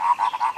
Ha ha ha ha!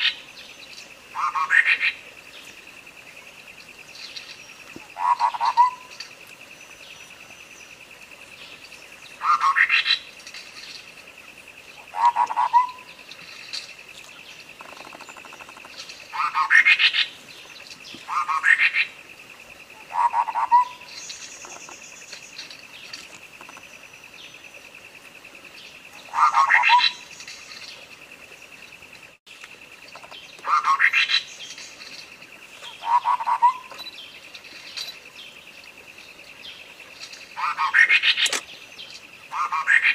you Bye, Bobby.